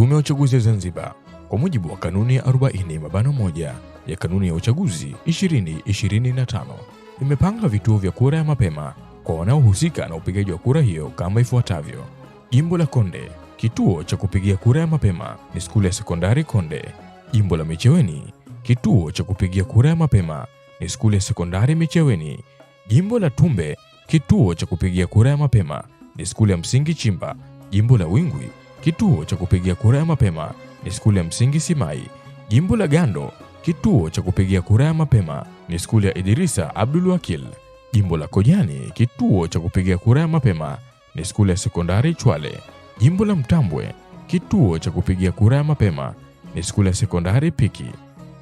Tume ya Uchaguzi ya Zanzibar kwa mujibu wa kanuni ya 40 mabano moja ya kanuni ya uchaguzi 2025 imepanga vituo vya kura ya mapema kwa wanaohusika na upigaji wa kura hiyo kama ifuatavyo: jimbo la Konde, kituo cha kupigia kura ya mapema ni skuli ya sekondari Konde. Jimbo la Micheweni, kituo cha kupigia kura ya mapema ni skuli ya sekondari Micheweni. Jimbo la Tumbe, kituo cha kupigia kura ya mapema ni skuli ya msingi Chimba. Jimbo la Wingwi, Kituo cha kupigia kura ya mapema ni skuli ya msingi Simai, jimbo la Gando. Kituo cha kupigia kura ya mapema ni skuli ya idirisa Abdul Wakil, jimbo la Kojani. Kituo cha kupigia kura ya mapema ni skuli ya sekondari Chwale, jimbo la Mtambwe. Kituo cha kupigia kura ya mapema ni skuli ya sekondari Piki,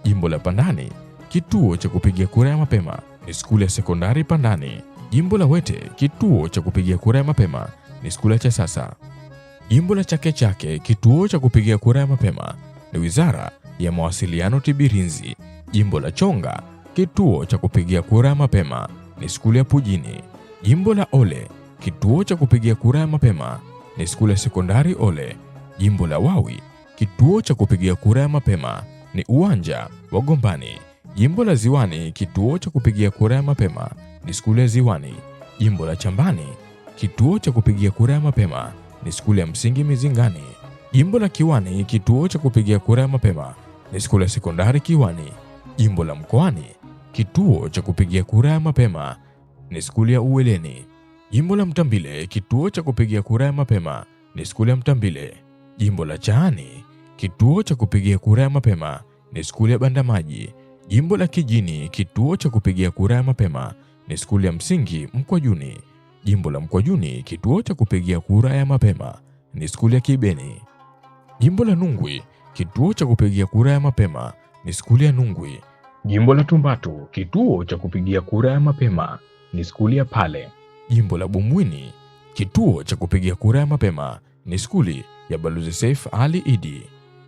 jimbo la Pandani. Kituo cha kupigia kura ya mapema ni skuli ya sekondari Pandani, jimbo la Wete. Kituo cha kupigia kura ya mapema ni skuli ya Chasasa. Jimbo la Chake Chake, kituo cha kupigia kura ya mapema ni Wizara ya Mawasiliano Tibirinzi. Jimbo la Chonga, kituo cha kupigia kura ya mapema ni skuli ya Pujini. Jimbo la Ole, kituo cha kupigia kura ya mapema ni skuli ya sekondari Ole. Jimbo la Wawi, kituo cha kupigia kura ya mapema ni uwanja wa Gombani. Jimbo la Ziwani, kituo cha kupigia kura ya mapema ni skuli ya Ziwani. Jimbo la Chambani, kituo cha kupigia kura ya mapema ni skuli ya msingi Mizingani, jimbo la Kiwani, kituo cha kupigia kura ya mapema ni skuli ya sekondari Kiwani, jimbo la Mkoani, kituo cha kupigia kura ya mapema ni skuli ya Uweleni, jimbo la Mtambile, kituo cha kupigia kura ya mapema ni skuli ya Mtambile, jimbo la Chaani, kituo cha kupigia kura ya mapema ni skuli ya Bandamaji, jimbo la Kijini, kituo cha kupigia kura ya mapema ni skuli ya msingi Mkwajuni, Jimbo la Mkwajuni, kituo cha kupigia kura ya mapema ni skuli ya Kibeni. Jimbo la Nungwi, kituo cha kupigia kura ya mapema ni skuli ya Nungwi. Jimbo la Tumbatu, kituo cha kupigia kura ya mapema ni skuli ya Pale. Jimbo la Bumwini, kituo cha kupigia kura ya mapema ni skuli ya Balozi Saif Ali Idi.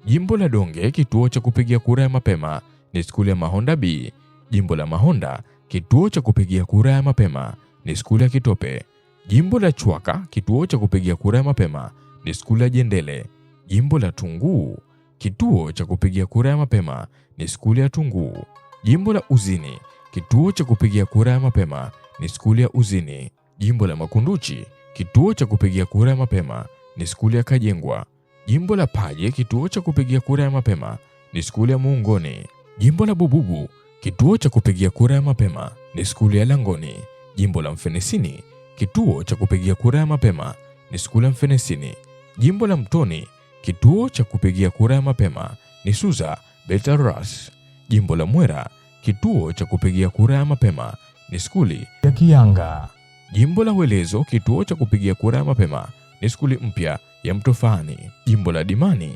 Jimbo la Donge, kituo cha kupigia kura ya mapema ni skuli ya Mahonda B. Jimbo la Mahonda, kituo cha kupigia kura ya mapema ni skuli ya Kitope. Jimbo la Chwaka, kituo cha kupigia kura ya mapema ni skuli ya Jendele. Jimbo la Tunguu, kituo cha kupigia kura ya mapema ni skuli ya Tunguu. Jimbo la Uzini, kituo cha kupigia kura ya mapema ni skuli ya Uzini. Jimbo la Makunduchi, kituo cha kupigia kura ya mapema ni skuli ya Kajengwa. Jimbo la Paje, kituo cha kupigia kura ya mapema ni skuli ya Muungoni. Jimbo la Bububu, kituo cha kupigia kura ya mapema ni skuli ya Langoni. Jimbo la Mfenesini, kituo cha kupigia kura ya mapema ni Skula Mfenesini. Jimbo la Mtoni, kituo cha kupigia kura ya mapema ni Suza Betaras. Jimbo la Mwera, kituo cha kupigia kura ya mapema ni skuli ya Kianga. Jimbo la Welezo, kituo cha kupigia kura ya mapema ni skuli mpya ya Mtofani. Jimbo la Dimani,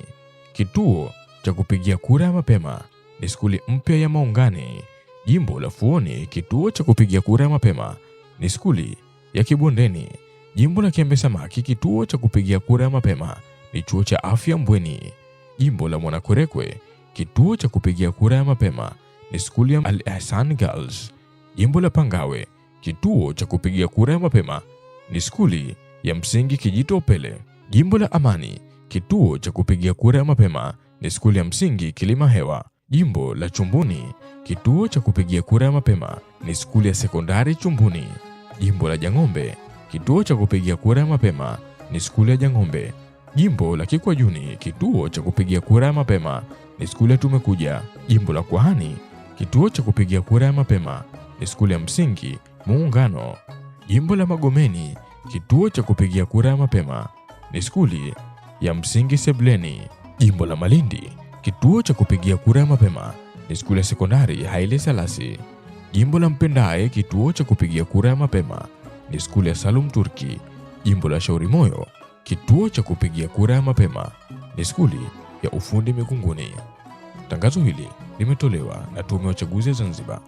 kituo cha kupigia kura ya mapema ni skuli mpya ya Maungani. Jimbo la Fuoni, kituo cha kupigia kura ya mapema ni skuli ya Kibondeni, jimbo la Kiembe Samaki. Kituo cha kupigia kura ya mapema ni chuo cha afya Mbweni. Jimbo la Mwanakwerekwe, kituo cha kupigia kura ya mapema ni skuli ya Al ehsan Girls. Jimbo la Pangawe, kituo cha kupigia kura ya mapema ni skuli ya msingi Kijito Pele. Jimbo la Amani, kituo cha kupigia kura ya mapema ni skuli ya msingi Kilima Hewa. Jimbo la Chumbuni, kituo cha kupigia kura ya mapema ni skuli ya sekondari Chumbuni jimbo la Jang'ombe. Kituo cha kupigia kura ya mapema ni skuli ya Jang'ombe. Jimbo la Kikwajuni, kituo cha kupigia kura ya mapema ni skuli ya Tumekuja. Jimbo la Kwahani, kituo cha kupigia kura ya mapema ni skuli ya msingi Muungano. Jimbo la Magomeni, kituo cha kupigia kura ya mapema ni skuli ya msingi Sebleni. Jimbo la Malindi, kituo cha kupigia kura ya mapema ni skuli ya sekondari Haile Salasi. Jimbo la Mpendae, kituo cha kupigia kura ya mapema ni skuli ya Salum Turki. Jimbo la Shauri Moyo, kituo cha kupigia kura ya mapema ni skuli ya ufundi Mikunguni. Tangazo hili limetolewa na Tume ya Uchaguzi ya Zanzibar.